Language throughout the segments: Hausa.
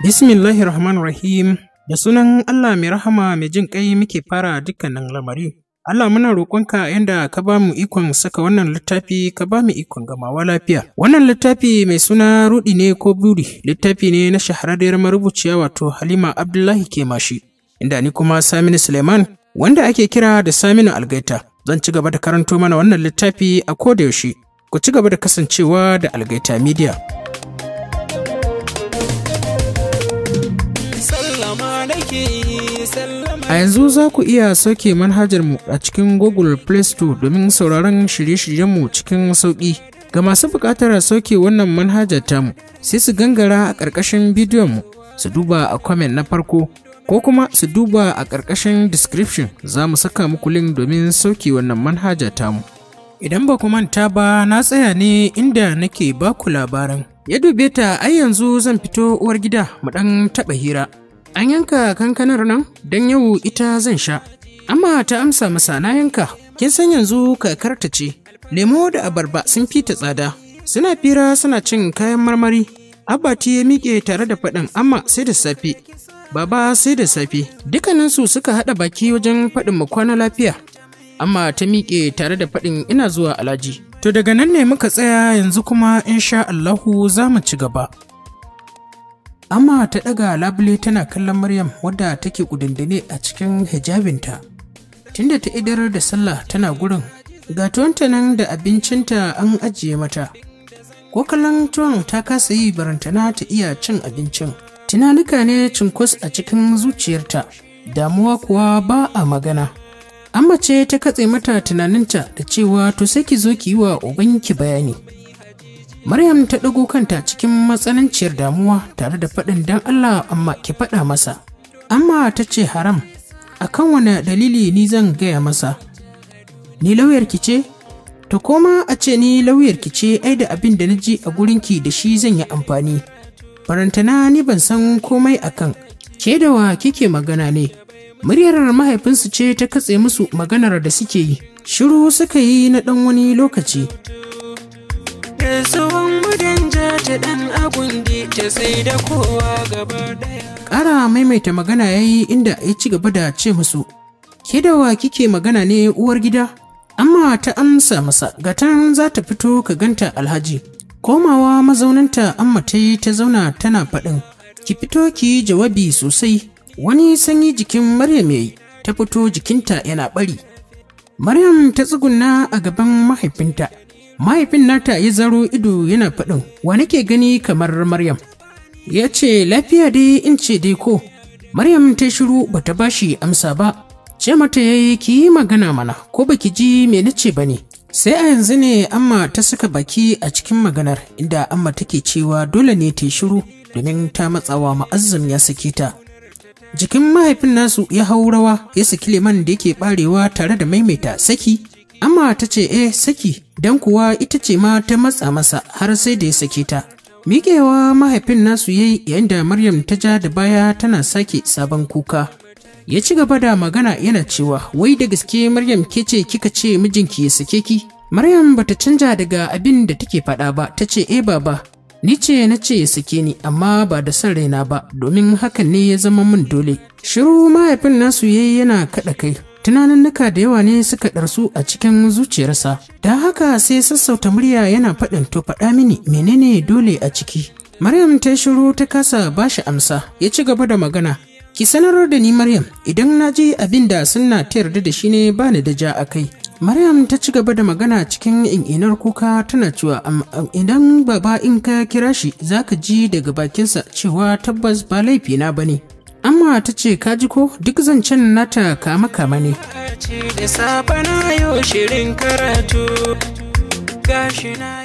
Bismillahir Rahmanir Rahim da sunan Allah mai rahama mai jin kai muke fara dukkanin lamari. Allah muna roƙonka yadda ka ba mu ikon saka wannan littafi ka ba mu ikon gamawa lafiya. Wannan littafi mai suna rudi ne ko buri littafi ne na shahararriyar marubuciya wato Halima Abdullahi ke mashi inda ni kuma Saminu Suleiman wanda ake kira da Saminu Algaita. Zan ci gaba da karanto mana wannan littafi a koda yaushe. Ku ci gaba da kasancewa da Algaita Media. A yanzu za ku iya sauke manhajar mu a cikin Google Play Store domin sauraron shirye-shiryenmu cikin sauƙi. Ga masu buƙatar sauke wannan manhajar tamu, sai su gangara a ƙarƙashin bidiyonmu, su duba a comment na farko, ko kuma su duba a ƙarƙashin description za mu saka muku link domin sauke wannan manhajar tamu. Idan ba ku manta ba na tsaya ne inda nake baku labaran. Ya dube ta ai yanzu zan fito uwar gida mu ɗan taɓa hira. an yanka kankanar nan don yau ita zan sha amma ta amsa masa na yanka kin san yanzu kakar ta ce lemo da abarba sun fi ta tsada suna fira suna cin kayan marmari abati ya miƙe tare da faɗin amma sai da safe baba sai da safe dukkaninsu suka haɗa baki wajen faɗin mu kwana lafiya amma ta miƙe tare da faɗin ina zuwa alhaji to daga nan ne muka tsaya yanzu kuma insha Allahu za mu ci gaba Amma ta ɗaga labule tana kallon Maryam wadda take kudindine a cikin hijabinta. Tunda ta idar da sallah tana gurin, ga tuwanta nan da abincinta an ajiye mata. Ko kallon tuwon ta kasa yi barantana ta iya cin abincin. Tunanuka ne cinkus a cikin zuciyarta, damuwa kuwa ba a magana. Amma ce ta katse mata tunaninta da cewa to sai ki zo ki yi wa ubanki bayani. Maryam ta ɗago kanta cikin matsananciyar damuwa tare da faɗin dan Allah amma ki faɗa masa. Amma ta ce haram, akan wane dalili ni zan gaya masa. Ni lauyar ki ce? Ta koma a ce ni lauyar ki ce ai da abin da na ji a gurinki da shi zan yi amfani. Farantana ni ban san komai akan, ke da wa kike magana ne. Muryar mahaifinsu ce ta katse musu maganar da suke yi, shiru suka yi na ɗan wani lokaci. ta ɗan maimaita magana ya yi inda ya ci gaba da ce musu, Ke da wa kike magana ne uwar gida? Amma ta amsa masa, gatan za ta fito ka ganta alhaji. Komawa mazauninta amma ta yi ta zauna tana faɗin, ki fito ki jawabi sosai, wani sanyi jikin Maryam ya yi, ta fito jikinta yana ɓari. Maryam ta tsugunna a gaban mahaifinta, mahaifin nata ya zaro ido yana faɗin wa nake gani kamar maryam ya ce lafiya dai in ce dai ko maryam ta shiru bata bashi amsa ba ce mata ya yi ki magana mana ko baki ji me na ce ba ne sai a yanzu ne amma ta suka baki a cikin maganar inda amma take cewa dole ne ta shiru domin ta matsawa ma'azzam ya sake ta jikin mahaifin nasu ya hau rawa ya saki leman da yake barewa tare da maimaita saki Amma ta ce eh saki don kuwa ita ce ma ta matsa masa har sai da ya sake ta. Miƙewa mahaifin nasu yayi yayin Maryam ta ja da baya tana sake sabon kuka. Ya ci gaba da magana yana cewa wai da gaske Maryam ke ce kika ce mijinki ya sake ki. Maryam bata canja daga abin da take faɗa ba ta ce eh baba Ni ce na ce ya sake ni amma ba da san raina ba domin hakan ne ya zama min dole. Shiru mahaifin nasu yayi yana kaɗa kai Tunaninnika da yawa ne suka ɗarsu a cikin zuciyarsa, da haka sai sassauta murya yana faɗin to faɗa mini menene dole a ciki. Maryam ta shiru ta kasa ba shi amsa, ya ci gaba da magana. Ki sanar da ni Maryam, idan na ji abin da suna ta yarda da shi ne ba ni da ja a kai. Maryam ta ci gaba da magana cikin in'inar kuka tana cewa idan baba in ka kira shi za ka ji daga bakinsa cewa tabbas ba laifina ba ne. amma ta ce kaji ko duk zancen nata kama kama ne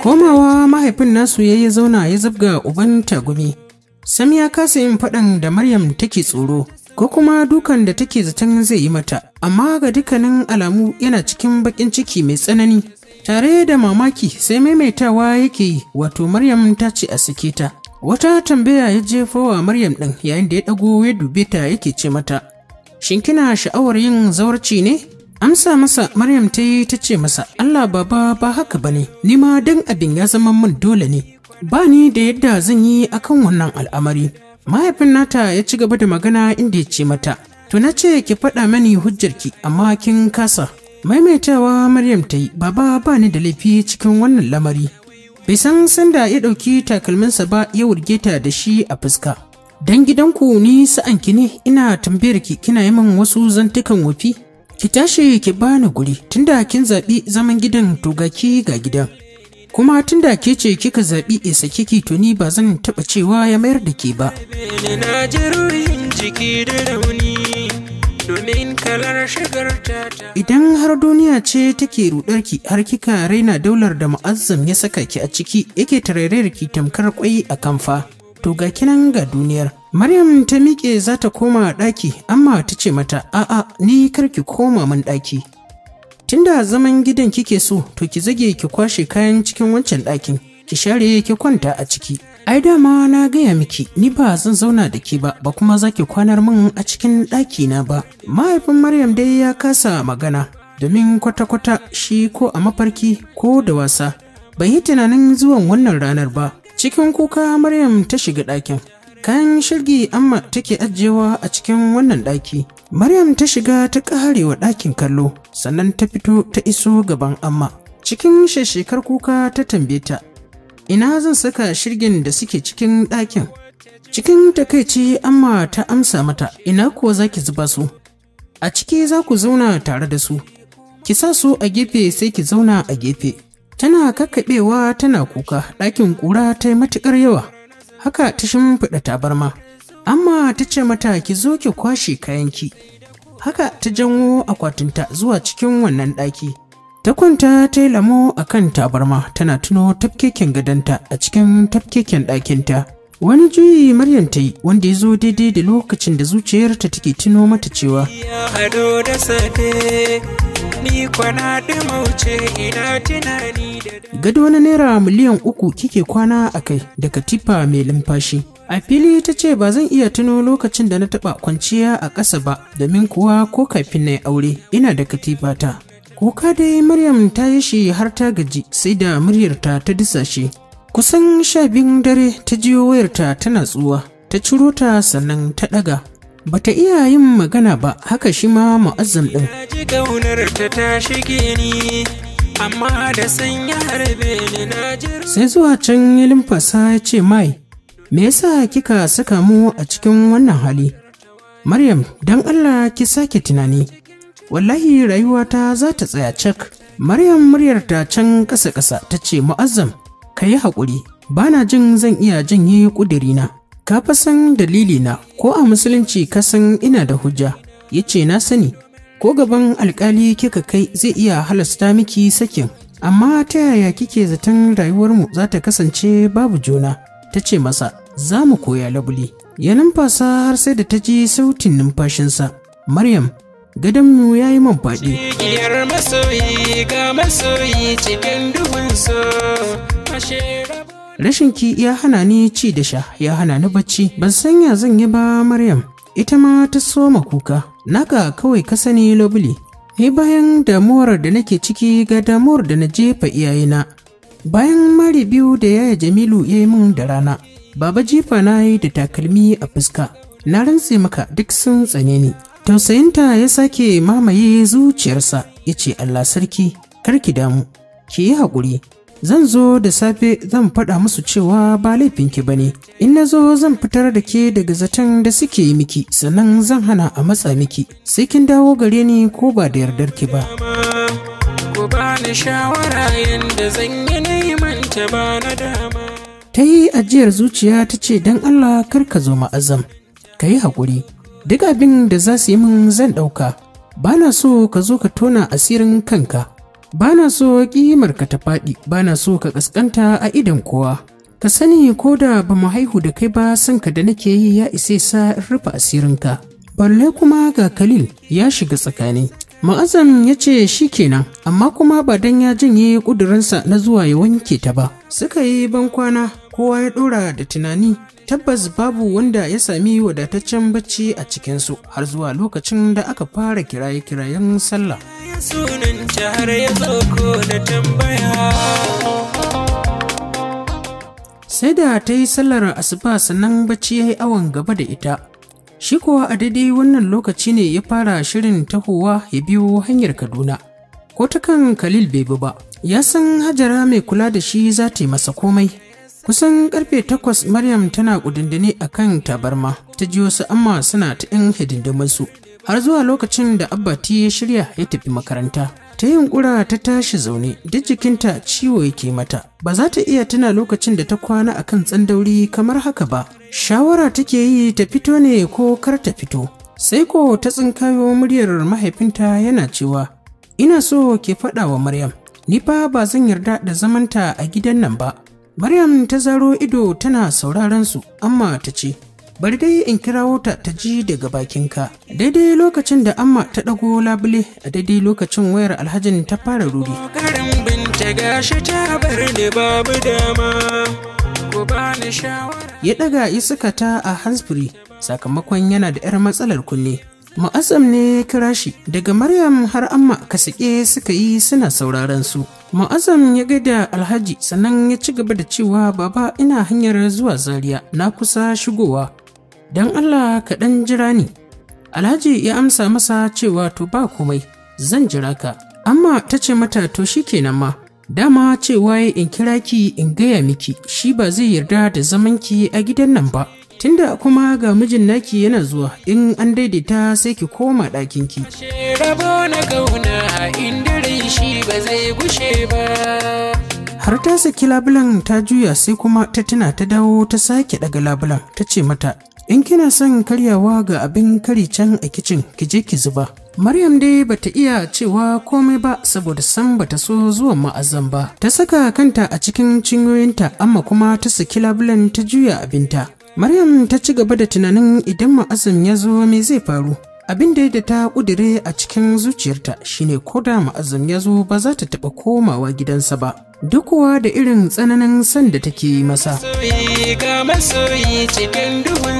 komawa mahaifin nasu ya yi zauna ya zabga uban tagumi sam ya kasa yin faɗan da maryam take tsoro ko kuma dukan da take zaton zai yi mata amma ga dukkanin alamu yana cikin baƙin ciki mai tsanani tare da mamaki sai maimaitawa yake yi wato maryam ta ce a sake ta Wata tambaya ya jefa wa Maryam ɗin yayin da ya ɗago ya dube ta yake ce mata, Shin kina sha'awar yin zawarci ne? Amsa masa Maryam ta yi ta ce masa, Allah baba ba haka ba ne, ni ma don abin ya zama min dole ne, ba ni da yadda zan yi akan wannan al'amari. Mahaifin nata ya ci gaba da magana inda ya ce mata, To na ce ki faɗa mani hujjar ki amma kin kasa. Maimaitawa Maryam ta yi, baba ba ni da laifi cikin wannan lamari, bai san sanda ya ɗauki takalminsa ba ya wurge ta da shi a fuska dan gidanku ni sa'anki ne ina tambayar ki kina yi min wasu zantukan wafi ki tashi ki bani guri tunda kin zaɓi zaman gidan to ga ki gidan kuma tunda ke ce kika zaɓi isa kiki to ni ba zan taɓa cewa ya mayar da ke ba. Na ji jiki da rauni Idan har duniya ce take rudarki har kika raina daular da ma'azzam ya saka ki a ciki yake tarairayar ki tamkar kwai a kamfa. To ga kinan ga duniyar. Maryam ta miƙe za ta koma ɗaki amma ta ce mata a'a ni kar ki koma man ɗaki. Tunda zaman gidan kike so to ki zage ki kwashe kayan cikin wancan ɗakin ki share ki kwanta a ciki. Ai dama na gaya miki ni ba zan zauna da ke ba ba kuma zaki kwanar min a cikin ɗaki na ba. Mahaifin Maryam dai ya kasa magana domin kwata-kwata shi ko a mafarki ko da wasa. Bai yi tunanin zuwan wannan ranar ba. Cikin kuka Maryam ta shiga ɗakin. Kayan shirgi amma take ajiyewa a cikin wannan ɗaki. Maryam ta shiga ta karewa ɗakin kallo sannan ta fito ta iso gaban amma. Cikin shekar kuka ta tambaye ta ina zan saka shirgin da suke cikin ɗakin cikin takaici amma ta amsa mata ina kuwa za ki zuba su a ciki za ku zauna tare da su ki sa su a gefe sai ki zauna a gefe tana kakkaɓewa tana kuka ɗakin ƙura ta yi matuƙar yawa haka ta shimfiɗa tabarma amma ta ce mata ki zo ki kwashe kayanki haka ta janwo akwatinta zuwa cikin wannan ɗaki ta kwanta ta yi lamo a kan tabarma tana tuno tafkeken gadonta a cikin tafkeken ɗakinta wani juyi maryam ta yi wanda ya zo daidai da lokacin da zuciyarta take tuno mata cewa gado na naira miliyan uku kike kwana a kai da katifa mai lumfashi a fili ta ce ba zan iya tuno lokacin da na taɓa kwanciya a ƙasa ba domin kuwa ko kafin na aure ina da katifata kuka dai maryam ta yi shi har ta gaji sai da muryarta ta disashe kusan sha biyun dare ta jiyo wayarta tana tsuwa ta ciro ta sannan ta ɗaga Ba ta iya yin magana ba haka shi ma mu'azzam ɗin sai zuwa can ya limfasa ya ce mai me yasa kika saka mu a cikin wannan hali maryam don allah ki sake tunani wallahi rayuwata za ta tsaya cak maryam muryar ta can ƙasa ƙasa ta ce mu'azzam ka yi haƙuri ba na jin zan iya janye ƙudirina ka fa san na. ko a musulunci ka san ina da hujja ya ce na sani ko gaban alkali kika kai zai iya halasta miki sakin amma ta yaya kike zaton rayuwarmu za ta kasance babu juna ta ce masa za mu koya labuli ya numfasa har sai da ta ji sautin numfashinsa maryam gadonmu ya yi man faɗi. Rashin ki ya hana ni ci da sha, ya hana ni bacci, ban san ya zan yi ba Maryam. Ita ma ta soma kuka, naka kawai ka sani lobuli. Ni bayan damuwar da nake ciki ga damuwar da na jefa iyayena. Bayan mari biyu da yaya Jamilu ya yi min da rana, baba jifa na yi da takalmi a fuska. Na rantse maka duk sun tsane ni. tausayinta ya sake mamaye zuciyarsa ya ce allah sarki karki damu ki yi haƙuri zan zo da safe zan faɗa musu cewa ba laifinki ba ne in na zo zan fitar da ke daga zaton da suke yi miki sannan zan hana a matsa miki sai kin dawo gare ni ko ba da yardar ki ba ku shawara zan yi neman ta ba ta yi ajiyar zuciya ta ce don allah kar ka zo ma'azam ka yi haƙuri duk abin da za su yi min zan ɗauka ba na so ka zo ka tona asirin kanka ba na so ƙimar ka ta faɗi ba na so ka ƙasƙanta a idan kowa ka sani ko da ba mu haihu da kai ba san ka da nake yi ya isa sa in rufe asirinka balle kuma ga khalil ya shiga tsakani ma'azam ya ce shi kenan amma kuma ba dan ya janye ƙudurinsa na zuwa ya wanke ta ba suka yi bankwana kowa ya ɗora da tunani tabbas babu wanda ya sami wadataccen bacci a cikinsu har zuwa lokacin da aka fara kiraye-kirayen sallah sai da ta yi sallar asuba sannan bacci ya yi awon gaba da ita Shi kuwa a daidai wannan lokaci ne ya fara shirin tahowa ya biyo hanyar Kaduna. Ko ta kan Khalil bai ba, ya san Hajara mai kula da shi za ta yi masa komai. Kusan karfe takwas Maryam tana kudindine a kan tabarma, ta ji wasu amma suna ta ‘yan hidindimansu. Har zuwa lokacin da Abba Abbati ya shirya ya tafi makaranta. Ta yin ƙura ta tashi zaune, duk jikinta ciwo yake mata. Ba za ta iya tuna lokacin da ta kwana a kan tsandauri kamar haka ba. shawara take yi ta fito ne ko kar ta fito sai ko ta tsinkayo muryar mahaifinta yana cewa ina so ke faɗa wa maryam ni fa ba zan yarda da zamanta a gidan nan ba maryam ta zaro ido tana sauraron su amma ta ce bari dai in kirawo ta ta ji daga bakinka daidai lokacin da amma ta ɗago labule a daidai lokacin wayar alhajin ta fara ruri babu dama Ya ɗaga ta a Hansbury sakamakon yana da 'yar matsalar kunne. Ma'azam ne kira shi daga Maryam har amma ka suka yi suna sauraron su. Ma'azam ya gaida Alhaji sannan ya ci gaba da cewa baba ina hanyar zuwa Zaria na kusa shigowa. Don Allah kaɗan jira ni. Alhaji ya amsa masa cewa to ba komai zan jira ka. Amma ta ce mata to shi kenan ma Dama cewa in kira ki in gaya miki shi ba zai yarda da zaman ki a gidan nan ba. Tunda kuma ga mijin naki yana zuwa in an daidaita sai ki koma ɗakin ki. na gushe ba. har ta saki labulan ta juya sai kuma ta tuna ta dawo ta sake daga labulan ta ce mata in kina son karyawa ga abin kari can a kicin ki je ki zuba Maryam dai bata iya cewa komai ba saboda san ta so zuwa ma'azan ba. Ta saka kanta a cikin cinyoyinta amma kuma ta saki labulan ta juya abinta. Maryam ta ci gaba da tunanin idan ma'azan ya zo me zai faru. Abin da da ta ƙudire a cikin zuciyarta shine ko da ma'azam ya zo ba za ta taɓa komawa gidansa ba. Duk kuwa da irin tsananin san da take yi masa. Masoyi cikin duhun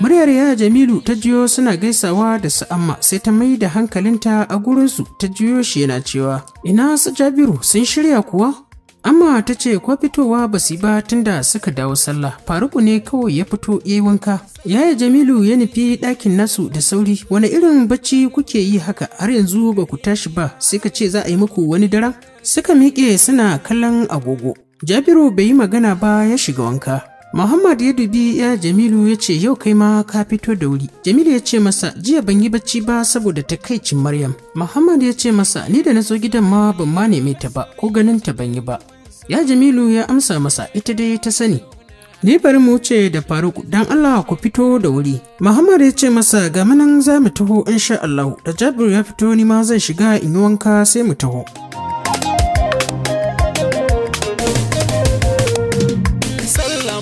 Muryar ya Jamilu ta jiyo suna gaisawa da su Amma, sai ta mai da hankalinta a gurinsu ta jiyo shi yana cewa, Ina su Jabiru sun shirya kuwa? Amma ta ce ko fitowa ba su ba tunda suka dawo sallah, faruku ne kawai ya fito ya yi wanka. Yaya Jamilu ya nufi ɗakin nasu da sauri, wani irin bacci kuke yi haka har yanzu ba ku tashi ba sai ka ce za a yi muku wani daren? Suka miƙe suna kallon agogo. Jabiru bai yi magana ba ya shiga wanka. Muhammad ya dubi ya Jamilu ya ce yau kai ma ka fito da wuri. Jamilu ya ce masa jiya ban yi bacci ba saboda ta takaicin Maryam. Muhammad ya ce masa ni da na zo gidan ma ban ma neme ta ba ko ganin ta ban yi ba. Ya Jamilu ya amsa masa ita dai ta sani. Ni bari mu wuce da Faruk dan Allah ku fito da wuri. Muhammad ya ce masa ga manan za mu taho insha Allah da Jabir ya fito ni ma zan shiga in yi wanka sai mu taho.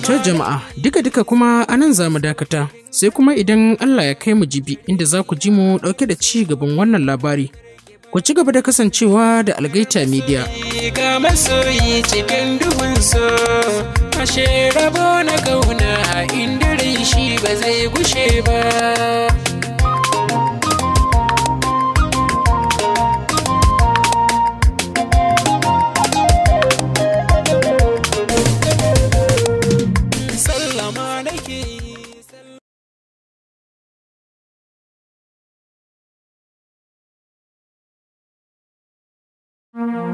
Ta jama'a, duka-duka kuma a nan za mu dakata, sai kuma idan Allah ya kai mu jibi inda za ku ji mu ɗauke da ci gaban wannan labari. Ku ci gaba da kasancewa da Algaita Media. na kauna shi ba zai gushe ba. Mm-hmm.